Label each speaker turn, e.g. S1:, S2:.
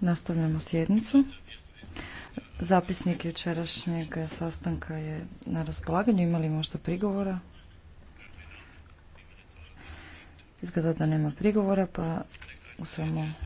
S1: Nastavljamo sjednicu. Zapisnik jučerašnjeg sastanka je na raspolaganju. Imali možda prigovora? Izgleda da nema
S2: prigovora, pa svemu